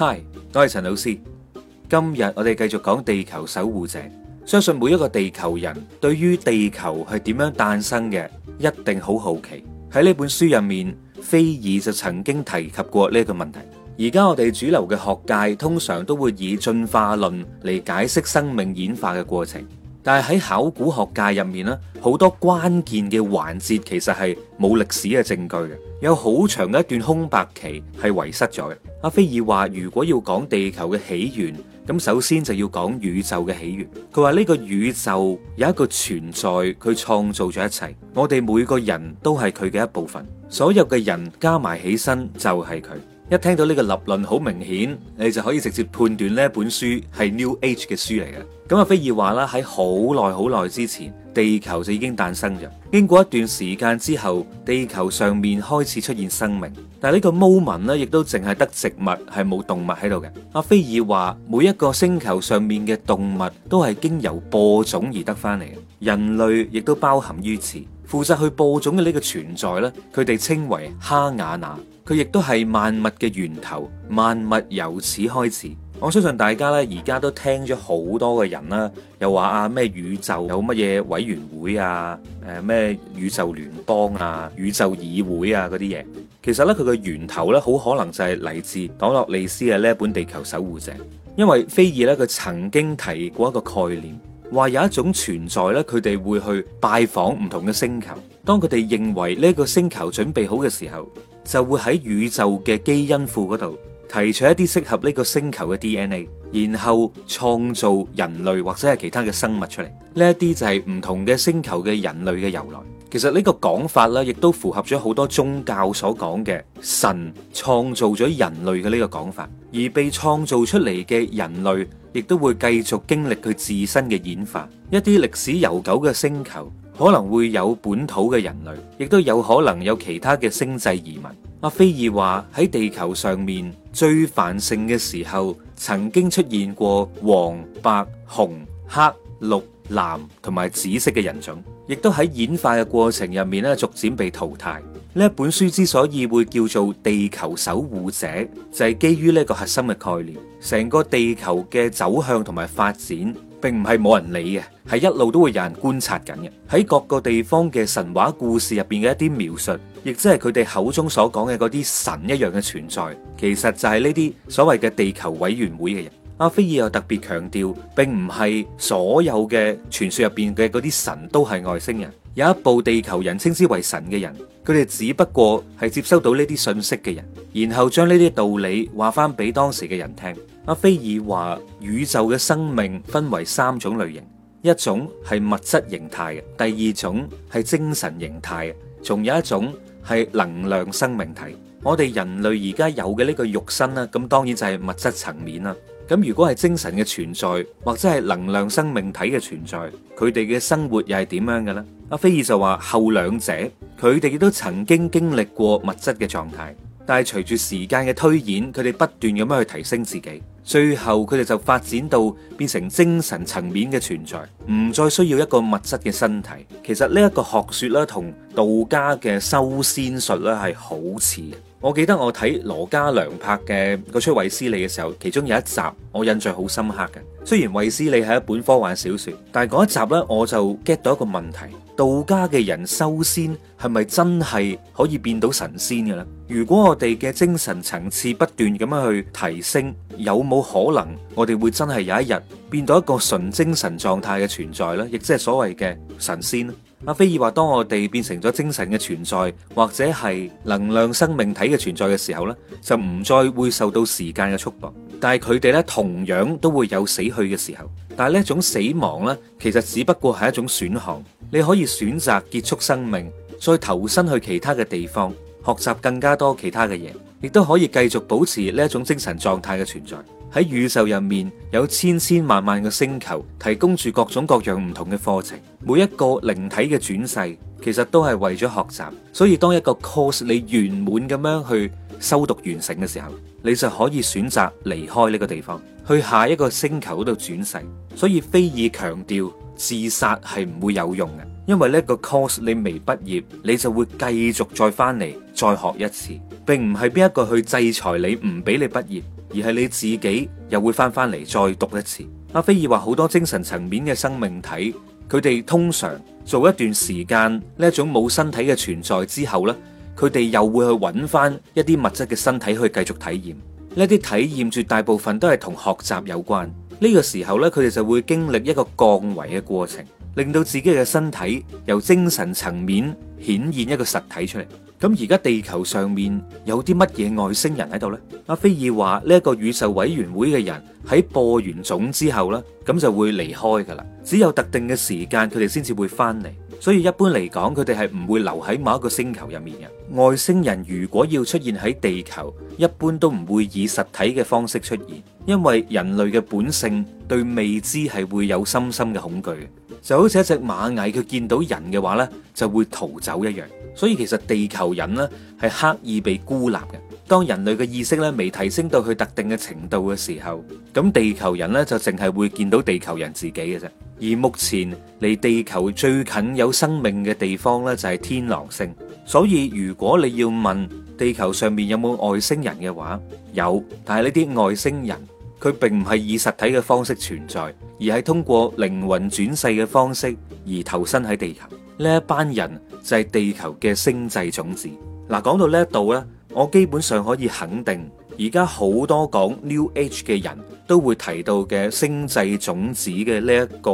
嗨，Hi, 我係陳老師。今日我哋繼續講地球守護者。相信每一個地球人對於地球係點樣誕生嘅，一定好好奇。喺呢本書入面，菲爾就曾經提及過呢個問題。而家我哋主流嘅學界通常都會以進化論嚟解釋生命演化嘅過程。但係喺考古學界入面咧，好多關鍵嘅環節其實係冇歷史嘅證據嘅，有好長嘅一段空白期係遺失咗嘅。阿菲爾話，如果要講地球嘅起源，咁首先就要講宇宙嘅起源。佢話呢個宇宙有一個存在，佢創造咗一切，我哋每個人都係佢嘅一部分，所有嘅人加埋起身就係佢。一聽到呢個立論，好明顯，你就可以直接判斷呢本書係 New Age 嘅書嚟嘅。咁、啊、阿菲爾話啦，喺好耐好耐之前，地球就已經誕生咗。經過一段時間之後，地球上面開始出現生命，但係呢個 moment 呢，亦都淨係得植物，係冇動物喺度嘅。阿、啊、菲爾話，每一個星球上面嘅動物都係經由播種而得返嚟嘅。人類亦都包含於此，負責去播種嘅呢個存在呢，佢哋稱為哈瓦那。佢亦都係萬物嘅源頭，萬物由此開始。我相信大家呢而家都聽咗好多嘅人啦，又話啊咩宇宙有乜嘢委員會啊，誒、呃、咩宇宙聯邦啊、宇宙議會啊嗰啲嘢。其實呢，佢嘅源頭呢，好可能就係嚟自《黨洛利斯》嘅呢本《地球守護者》，因為菲爾呢，佢曾經提過一個概念，話有一種存在呢，佢哋會去拜訪唔同嘅星球，當佢哋認為呢個星球準備好嘅時候。就會喺宇宙嘅基因庫嗰度提取一啲適合呢個星球嘅 DNA，然後創造人類或者係其他嘅生物出嚟。呢一啲就係唔同嘅星球嘅人類嘅由來。其實呢個講法咧，亦都符合咗好多宗教所講嘅神創造咗人類嘅呢個講法。而被創造出嚟嘅人類，亦都會繼續經歷佢自身嘅演化。一啲歷史悠久嘅星球。可能會有本土嘅人類，亦都有可能有其他嘅星際移民。阿菲爾話喺地球上面最繁盛嘅時候，曾經出現過黃、白、紅、黑、綠、藍同埋紫色嘅人種，亦都喺演化嘅過程入面咧逐漸被淘汰。呢本書之所以會叫做《地球守護者》，就係基於呢個核心嘅概念，成個地球嘅走向同埋發展，並唔係冇人理嘅，係一路都會有人觀察緊嘅。喺各個地方嘅神話故事入邊嘅一啲描述，亦即係佢哋口中所講嘅嗰啲神一樣嘅存在，其實就係呢啲所謂嘅地球委員會嘅人。阿菲爾又特別強調，並唔係所有嘅傳說入邊嘅嗰啲神都係外星人。有一部地球人稱之為神嘅人，佢哋只不過係接收到呢啲信息嘅人，然後將呢啲道理話翻俾當時嘅人聽。阿菲爾話宇宙嘅生命分為三種類型，一種係物質形態嘅，第二種係精神形態嘅，仲有一種係能量生命體。我哋人類而家有嘅呢個肉身啦，咁當然就係物質層面啦。咁如果係精神嘅存在或者係能量生命體嘅存在，佢哋嘅生活又係點樣嘅咧？阿菲爾就話後兩者佢哋亦都曾經經歷過物質嘅狀態。但係隨住時間嘅推演，佢哋不斷咁樣去提升自己，最後佢哋就發展到變成精神層面嘅存在，唔再需要一個物質嘅身體。其實呢一個學說咧，同道家嘅修仙術咧係好似。我記得我睇羅家良拍嘅個《出衛斯理》嘅時候，其中有一集我印象好深刻嘅。雖然《衛斯理》係一本科幻小說，但係嗰一集呢，我就 get 到一個問題：道家嘅人修仙係咪真係可以變到神仙嘅咧？如果我哋嘅精神層次不斷咁樣去提升，有冇可能我哋會真係有一日變到一個純精神狀態嘅存在呢？亦即係所謂嘅神仙咧？阿非爾話：當我哋變成咗精神嘅存在，或者係能量生命體嘅存在嘅時候咧，就唔再會受到時間嘅束縛，但係佢哋咧同樣都會有死去嘅時候。但係呢一種死亡咧，其實只不過係一種選項，你可以選擇結束生命，再投身去其他嘅地方學習更加多其他嘅嘢，亦都可以繼續保持呢一種精神狀態嘅存在。喺宇宙入面有千千萬萬個星球，提供住各種各樣唔同嘅課程。每一個靈體嘅轉世，其實都係為咗學習。所以當一個 course 你圓滿咁樣去修讀完成嘅時候，你就可以選擇離開呢個地方，去下一個星球度轉世。所以菲爾強調自殺係唔會有用嘅，因為呢個 course 你未畢業，你就會繼續再翻嚟再學一次，並唔係邊一個去制裁你唔俾你畢業。而係你自己又會翻翻嚟再讀一次。阿菲爾話好多精神層面嘅生命體，佢哋通常做一段時間呢一種冇身體嘅存在之後呢，佢哋又會去揾翻一啲物質嘅身體去繼續體驗。呢啲體驗絕大部分都係同學習有關。呢、呢個時候呢，佢哋就會經歷一個降維嘅過程，令到自己嘅身體由精神層面顯現一個實體出嚟。咁而家地球上面有啲乜嘢外星人喺度呢？阿菲爾話呢一個宇宙委員會嘅人喺播完種之後呢，咁就會離開噶啦，只有特定嘅時間，佢哋先至會翻嚟。所以一般嚟講，佢哋係唔會留喺某一個星球入面嘅。外星人如果要出現喺地球，一般都唔會以實體嘅方式出現，因為人類嘅本性對未知係會有深深嘅恐懼。就好似一隻螞蟻，佢見到人嘅話呢，就會逃走一樣。所以其實地球人呢係刻意被孤立嘅。當人類嘅意識呢未提升到去特定嘅程度嘅時候，咁地球人呢就淨係會見到地球人自己嘅啫。而目前離地球最近有生命嘅地方咧，就係天狼星。所以如果你要問地球上面有冇外星人嘅話，有。但係呢啲外星人佢並唔係以實體嘅方式存在，而係通過靈魂轉世嘅方式而投身喺地球。呢一班人就係地球嘅星際種子。嗱，講到呢一度，咧，我基本上可以肯定。而家好多講 New Age 嘅人都會提到嘅星際種子嘅呢一個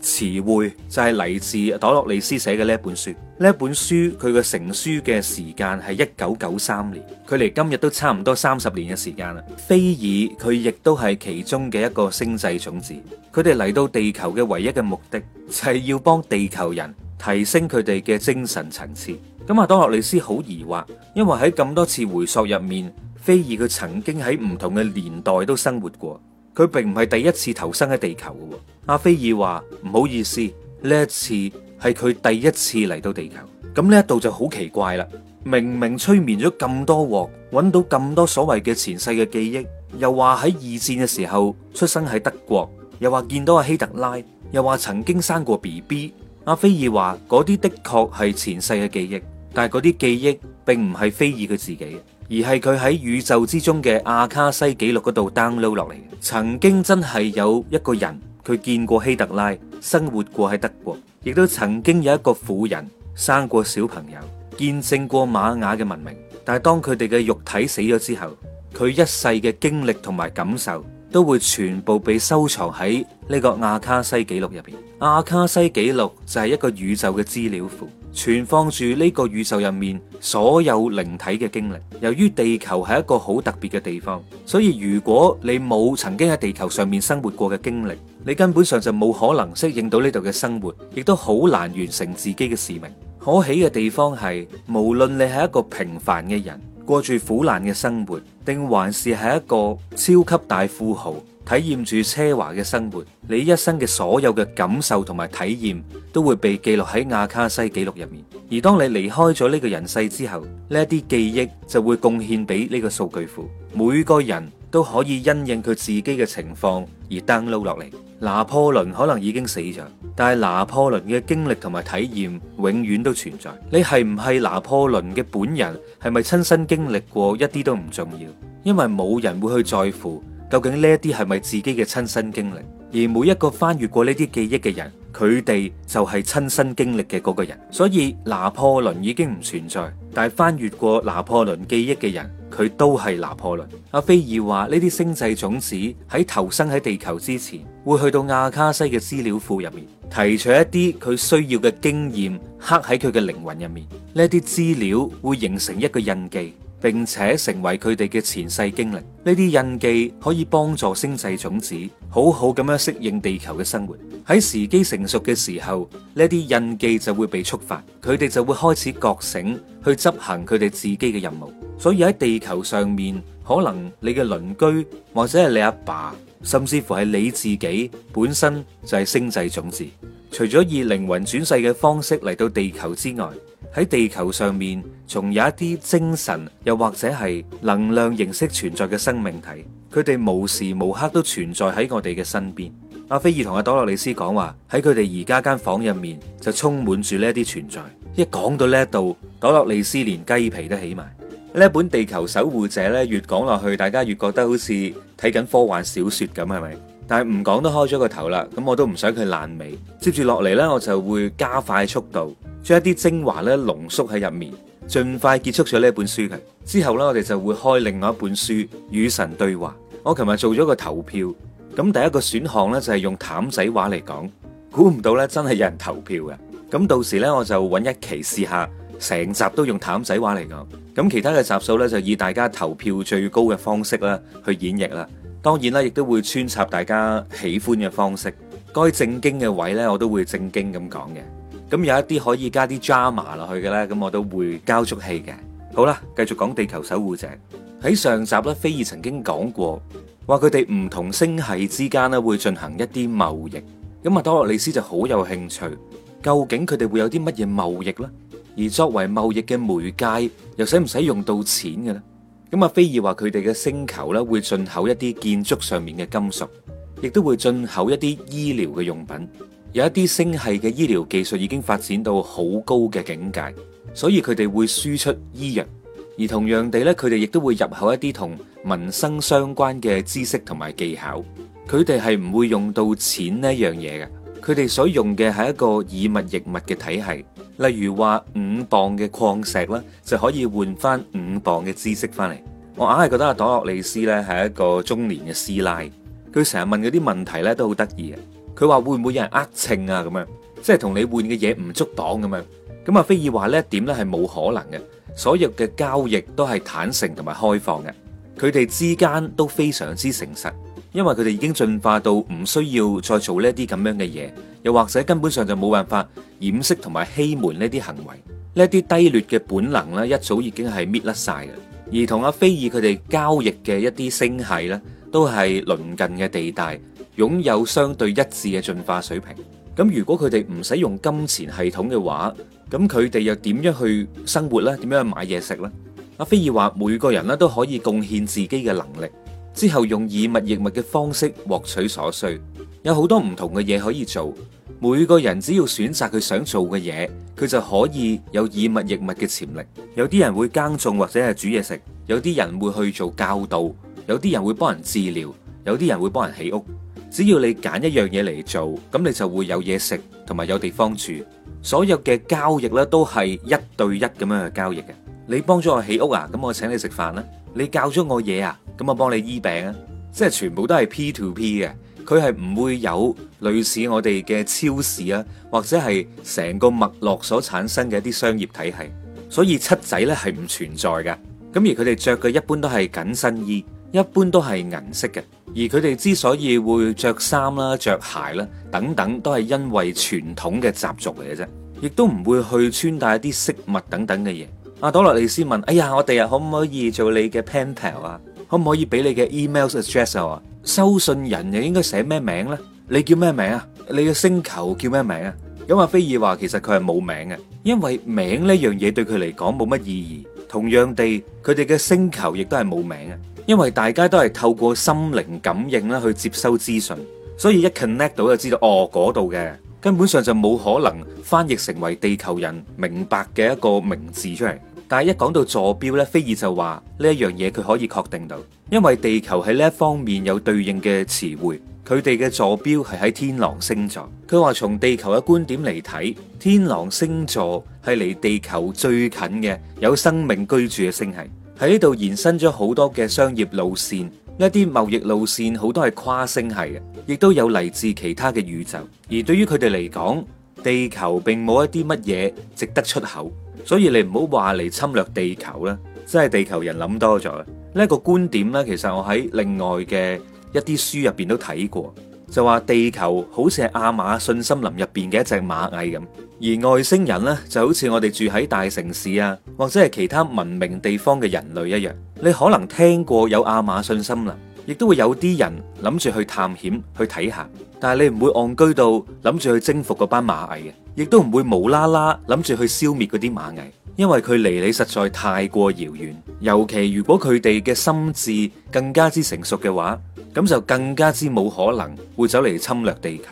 詞彙，就係、是、嚟自朵洛里斯寫嘅呢一本書。呢一本書佢嘅成書嘅時間係一九九三年，距離今日都差唔多三十年嘅時間啦。菲爾佢亦都係其中嘅一個星際種子，佢哋嚟到地球嘅唯一嘅目的就係、是、要幫地球人提升佢哋嘅精神層次。咁、嗯、啊，多洛里斯好疑惑，因為喺咁多次回溯入面。菲爾佢曾經喺唔同嘅年代都生活過，佢並唔係第一次投生喺地球嘅。阿菲爾話唔好意思，呢一次係佢第一次嚟到地球。咁、嗯、呢一度就好奇怪啦，明明催眠咗咁多鑊，揾到咁多所謂嘅前世嘅記憶，又話喺二戰嘅時候出生喺德國，又話見到阿希特拉，又話曾經生過 BB。阿菲爾話嗰啲的確係前世嘅記憶，但係嗰啲記憶並唔係菲爾佢自己。而係佢喺宇宙之中嘅亞卡西記錄嗰度 download 落嚟，曾經真係有一個人，佢見過希特拉，生活過喺德國，亦都曾經有一個婦人生過小朋友，見證過瑪雅嘅文明。但係當佢哋嘅肉體死咗之後，佢一世嘅經歷同埋感受都會全部被收藏喺呢個亞卡西記錄入邊。亞卡西記錄就係一個宇宙嘅資料庫。存放住呢個宇宙入面所有靈體嘅經歷。由於地球係一個好特別嘅地方，所以如果你冇曾經喺地球上面生活過嘅經歷，你根本上就冇可能適應到呢度嘅生活，亦都好難完成自己嘅使命。可喜嘅地方係，無論你係一個平凡嘅人，過住苦難嘅生活，定還是係一個超級大富豪，體驗住奢華嘅生活，你一生嘅所有嘅感受同埋體驗都會被記錄喺亞卡西記錄入面。而當你離開咗呢個人世之後，呢啲記憶就會貢獻俾呢個數據庫。每個人都可以因應佢自己嘅情況而 download 落嚟。拿破崙可能已經死咗，但係拿破崙嘅經歷同埋體驗永遠都存在。你係唔係拿破崙嘅本人？係咪親身經歷過？一啲都唔重要，因為冇人會去在乎。究竟呢一啲係咪自己嘅親身經歷？而每一個翻閱過呢啲記憶嘅人，佢哋就係親身經歷嘅嗰個人。所以拿破崙已經唔存在，但係翻閱過拿破崙記憶嘅人，佢都係拿破崙。阿菲爾話，呢啲星際種子喺投生喺地球之前，會去到亞卡西嘅資料庫入面，提取一啲佢需要嘅經驗，刻喺佢嘅靈魂入面。呢啲資料會形成一個印記。並且成為佢哋嘅前世經歷，呢啲印記可以幫助星際種子好好咁樣適應地球嘅生活。喺時機成熟嘅時候，呢啲印記就會被觸發，佢哋就會開始覺醒，去執行佢哋自己嘅任務。所以喺地球上面，可能你嘅鄰居或者係你阿爸，甚至乎係你自己本身就係星際種子。除咗以靈魂轉世嘅方式嚟到地球之外。喺地球上面，仲有一啲精神又或者係能量形式存在嘅生命體，佢哋無時無刻都存在喺我哋嘅身邊。阿菲爾同阿朵洛里斯講話，喺佢哋而家間房入面就充滿住呢啲存在。一講到呢一度，朵洛里斯連雞皮都起埋。呢本《地球守護者》咧，越講落去，大家越覺得好似睇緊科幻小說咁，係咪？但係唔講都開咗個頭啦，咁我都唔想佢爛尾。接住落嚟呢，我就會加快速度。將一啲精華咧濃縮喺入面，盡快結束咗呢本書嘅之後呢，我哋就會開另外一本書與神對話。我琴日做咗個投票，咁第一個選項呢，就係用譚仔話嚟講，估唔到呢，真係有人投票嘅。咁到時呢，我就揾一期試下，成集都用譚仔話嚟講。咁其他嘅集數呢，就以大家投票最高嘅方式咧去演繹啦。當然啦，亦都會穿插大家喜歡嘅方式，該正經嘅位呢，我都會正經咁講嘅。咁有一啲可以加啲 drama 落去嘅咧，咁我都會交足戲嘅。好啦，繼續講地球守護者。喺上集咧，菲爾曾經講過，話佢哋唔同星系之間咧會進行一啲貿易。咁啊，多蘿莉絲就好有興趣，究竟佢哋會有啲乜嘢貿易咧？而作為貿易嘅媒介，又使唔使用到錢嘅咧？咁啊，菲爾話佢哋嘅星球咧會進口一啲建築上面嘅金屬，亦都會進口一啲醫療嘅用品。有一啲星系嘅醫療技術已經發展到好高嘅境界，所以佢哋會輸出醫藥，而同樣地咧，佢哋亦都會入口一啲同民生相關嘅知識同埋技巧。佢哋係唔會用到錢呢一樣嘢嘅，佢哋所用嘅係一個以物易物嘅體系。例如話五磅嘅礦石啦，就可以換翻五磅嘅知識翻嚟。我硬係覺得阿朵洛利斯咧係一個中年嘅師奶，佢成日問嗰啲問題咧都好得意嘅。佢話會唔會有人呃秤啊？咁樣即係同你換嘅嘢唔足當咁樣。咁阿菲爾話呢一點咧係冇可能嘅，所有嘅交易都係坦誠同埋開放嘅。佢哋之間都非常之誠實，因為佢哋已經進化到唔需要再做呢一啲咁樣嘅嘢，又或者根本上就冇辦法掩飾同埋欺瞞呢啲行為，呢一啲低劣嘅本能咧一早已經係搣甩曬嘅。而同阿菲爾佢哋交易嘅一啲星系咧，都係鄰近嘅地帶。擁有相對一致嘅進化水平，咁如果佢哋唔使用金錢系統嘅話，咁佢哋又點樣去生活呢？點樣去買嘢食呢？阿菲爾話：每個人咧都可以貢獻自己嘅能力，之後用以物易物嘅方式獲取所需。有好多唔同嘅嘢可以做，每個人只要選擇佢想做嘅嘢，佢就可以有以物易物嘅潛力。有啲人會耕種或者係煮嘢食，有啲人會去做教導，有啲人會幫人治療，有啲人會幫人起屋。只要你揀一樣嘢嚟做，咁你就會有嘢食同埋有地方住。所有嘅交易咧都係一對一咁樣去交易嘅。你幫咗我起屋啊，咁我請你食飯啦。你教咗我嘢啊，咁我幫你醫病啊。即係全部都係 P to P 嘅，佢係唔會有類似我哋嘅超市啊，或者係成個脈絡所產生嘅一啲商業體系。所以七仔咧係唔存在嘅。咁而佢哋著嘅一般都係緊身衣。一般都係銀色嘅，而佢哋之所以會着衫啦、着鞋啦等等，都係因為傳統嘅習俗嚟嘅啫。亦都唔會去穿戴一啲飾物等等嘅嘢。阿朵羅里斯問：，哎呀，我哋啊可唔可以做你嘅 pen pal 啊？可唔可以俾你嘅 email address 啊？收信人又應該寫咩名呢？你叫咩名啊？你嘅星球叫咩名啊？咁阿菲爾話：，其實佢係冇名嘅，因為名呢樣嘢對佢嚟講冇乜意義。同樣地，佢哋嘅星球亦都係冇名嘅。因為大家都係透過心靈感應啦去接收資訊，所以一 connect 到就知道哦，嗰度嘅根本上就冇可能翻譯成為地球人明白嘅一個名字出嚟。但係一講到坐標呢，菲爾就話呢一樣嘢，佢可以確定到，因為地球喺呢一方面有對應嘅詞彙，佢哋嘅坐標係喺天狼星座。佢話從地球嘅觀點嚟睇，天狼星座係離地球最近嘅有生命居住嘅星系。喺呢度延伸咗好多嘅商業路線，呢啲貿易路線好多係跨星系嘅，亦都有嚟自其他嘅宇宙。而對於佢哋嚟講，地球並冇一啲乜嘢值得出口，所以你唔好話嚟侵略地球啦，真係地球人諗多咗。呢一個觀點呢，其實我喺另外嘅一啲書入邊都睇過。就話地球好似係亞馬遜森林入邊嘅一隻螞蟻咁，而外星人呢，就好似我哋住喺大城市啊，或者係其他文明地方嘅人類一樣。你可能聽過有亞馬遜森林，亦都會有啲人諗住去探險去睇下，但係你唔會戇居到諗住去征服嗰班螞蟻嘅，亦都唔會無啦啦諗住去消滅嗰啲螞蟻。因為佢離你實在太過遙遠，尤其如果佢哋嘅心智更加之成熟嘅話，咁就更加之冇可能會走嚟侵略地球。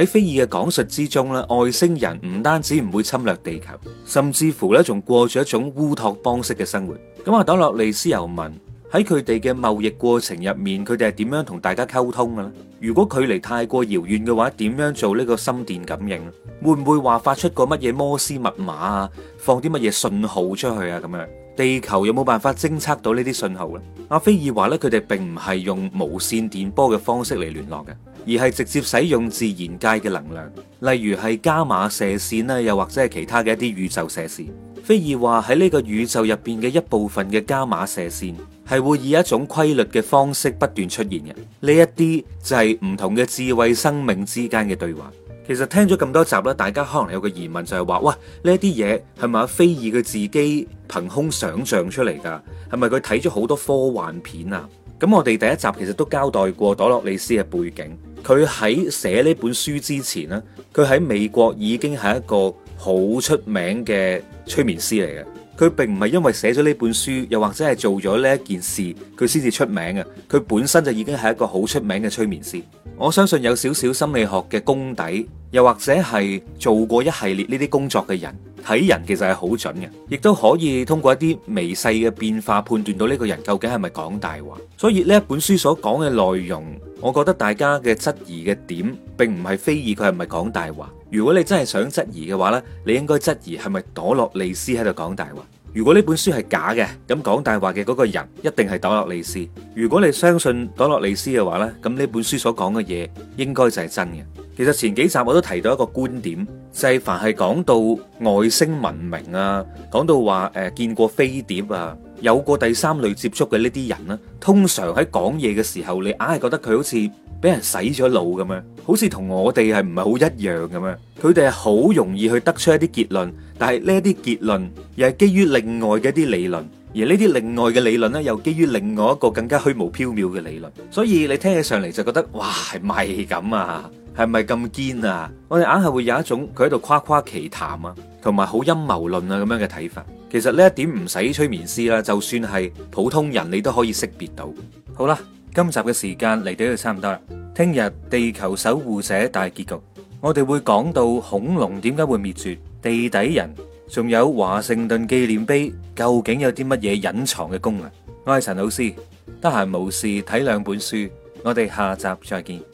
喺菲爾嘅講述之中咧，外星人唔單止唔會侵略地球，甚至乎咧仲過住一種烏托邦式嘅生活。咁啊，朵洛利斯又問。喺佢哋嘅貿易過程入面，佢哋係點樣同大家溝通嘅咧？如果距離太過遙遠嘅話，點樣做呢個心電感應？會唔會話發出個乜嘢摩斯密碼啊？放啲乜嘢信號出去啊？咁樣地球有冇辦法偵測到呢啲信號咧？阿菲爾話咧，佢哋並唔係用無線電波嘅方式嚟聯絡嘅，而係直接使用自然界嘅能量，例如係伽馬射線啦，又或者係其他嘅一啲宇宙射線。菲爾話喺呢個宇宙入邊嘅一部分嘅伽馬射線，係會以一種規律嘅方式不斷出現嘅，呢一啲就係唔同嘅智慧生命之間嘅對話。其實聽咗咁多集啦，大家可能有個疑問就係話，哇，呢一啲嘢係咪阿菲爾佢自己憑空想象出嚟噶？係咪佢睇咗好多科幻片啊？咁我哋第一集其實都交代過朵洛里斯嘅背景，佢喺寫呢本書之前，呢佢喺美國已經係一個好出名嘅催眠師嚟嘅。佢並唔係因為寫咗呢本書，又或者係做咗呢一件事，佢先至出名嘅。佢本身就已經係一個好出名嘅催眠師。我相信有少少心理學嘅功底，又或者係做過一系列呢啲工作嘅人，睇人其實係好準嘅，亦都可以通過一啲微細嘅變化判斷到呢個人究竟係咪講大話。所以呢一本書所講嘅內容，我覺得大家嘅質疑嘅點，並唔係非議佢係咪講大話。如果你真係想質疑嘅話咧，你應該質疑係咪朵洛莉絲喺度講大話？如果呢本書係假嘅，咁講大話嘅嗰個人一定係朵洛莉絲。如果你相信朵洛莉絲嘅話咧，咁呢本書所講嘅嘢，應該就係真嘅。其實前幾集我都提到一個觀點，就係凡係講到外星文明啊，講到話誒見過飛碟啊，有過第三類接觸嘅呢啲人咧，通常喺講嘢嘅時候，你硬係覺得佢好似。俾人洗咗腦咁樣，好似同我哋係唔係好一樣咁樣。佢哋係好容易去得出一啲結論，但係呢啲結論又係基於另外嘅一啲理論，而呢啲另外嘅理論呢，又基於另外一個更加虛無縹緲嘅理論。所以你聽起上嚟就覺得，哇，係咪咁啊？係咪咁堅啊？我哋硬係會有一種佢喺度誇誇其談啊，同埋好陰謀論啊咁樣嘅睇法。其實呢一點唔使催眠師啦，就算係普通人你都可以識別到。好啦。今集嘅時間嚟到呢度差唔多啦，聽日地球守護者大結局，我哋會講到恐龍點解會滅絕，地底人，仲有華盛頓紀念碑，究竟有啲乜嘢隱藏嘅功能。我係陳老師，得閒無事睇兩本書，我哋下集再見。